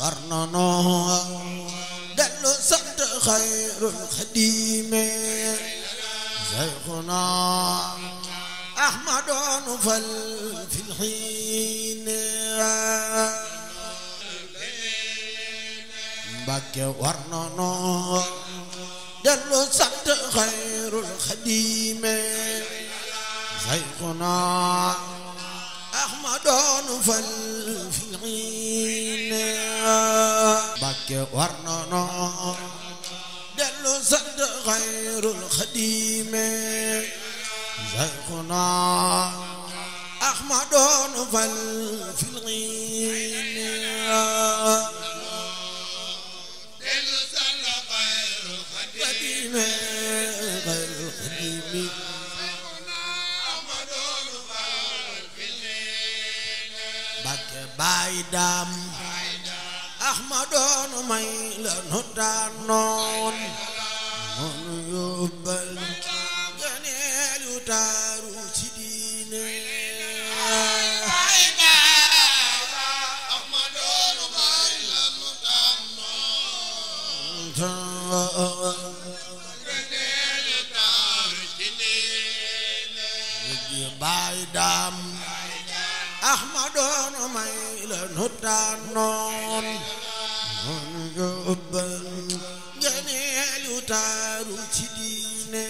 war na noo dellu sant xayrul xadime seyxuna ahmadoon fal fil xiine mbàkke war na noo dellu sant xayrul xadime seyxuna doon fal dellu sant xayrul xadiime Sayxuna faydam ahmadoon may la nu daanoon moonu yóbbal ganeel yu taaru ci diine baydam ahmadon may la nu tànnoon noonu yóbbal ngeneelu taaru ci diine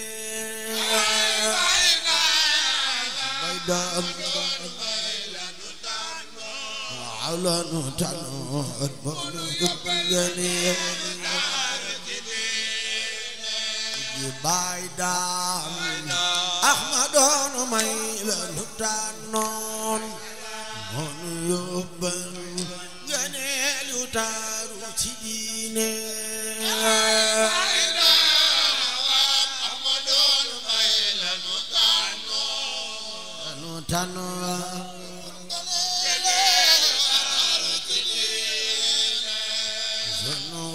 bay daam waaw la nu tànnoon noonu yóbbal ngeneelu taaru ci diine bay daam ahmadon may تنوى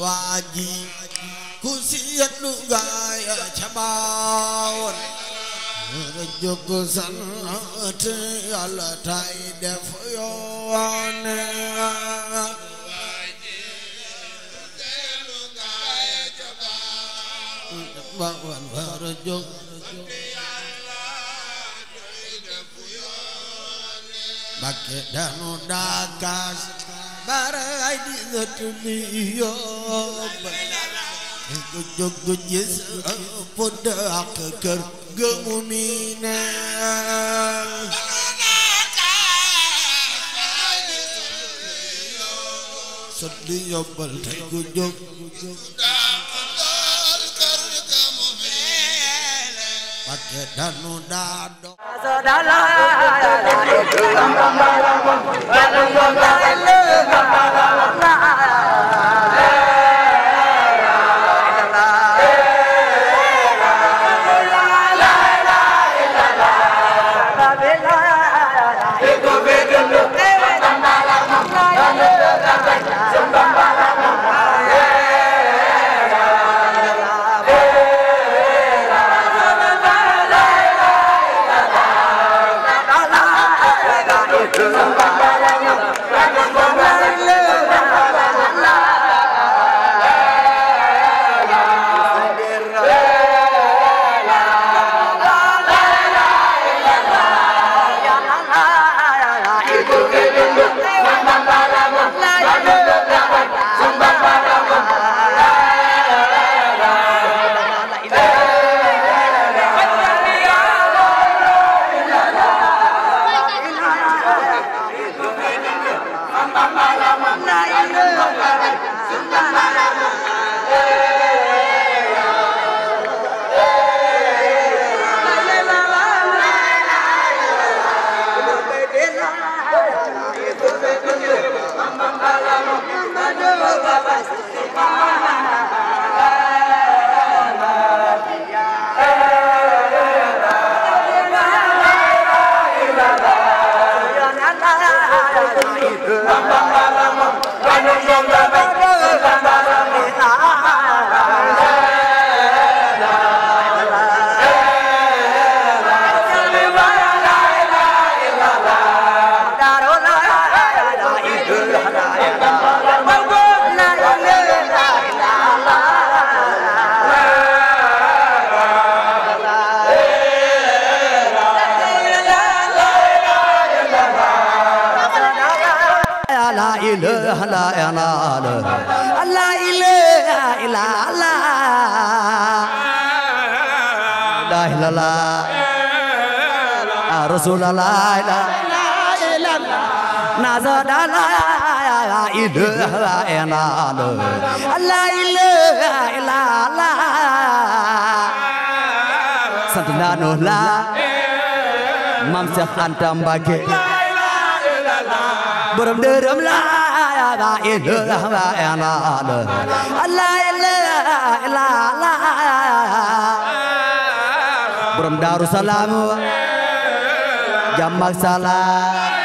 waaji ku siyat lu gaaya cabaawon wara jogo sant Yàlla tay def yoon waaji ku siyat lu gaaya cabaawon wara jogo Mbakke danu dagas baray di satu niyoob ku jóg du gis pudd ak kër gëmu miineel sot di yobbal tey ku jóg Mbakke danu daado Dalam, dalam, dalam, dalam, dalam, dalam, dalam, dalam, dalam, Bamba إله لا إله لا إله إلا الله لا إله إلا الله رسول الله لا إله إلا الله نزد لا إله لا إله لا إله إلا الله سنتنا نولا مام سيخ أنت مباكي برم درم لا لا إله إلا الله la ilaha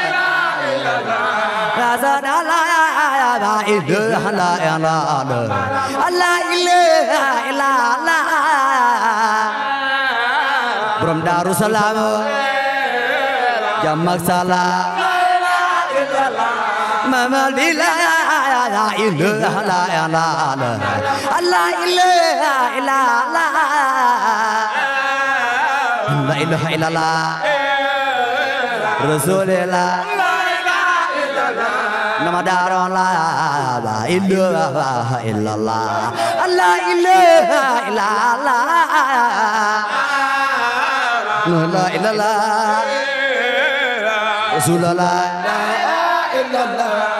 Allah la ilaha illa Allah borom Daaru Salaam jàmm ak salaam la ilaha illa Allah ma la la ila la la la la illallah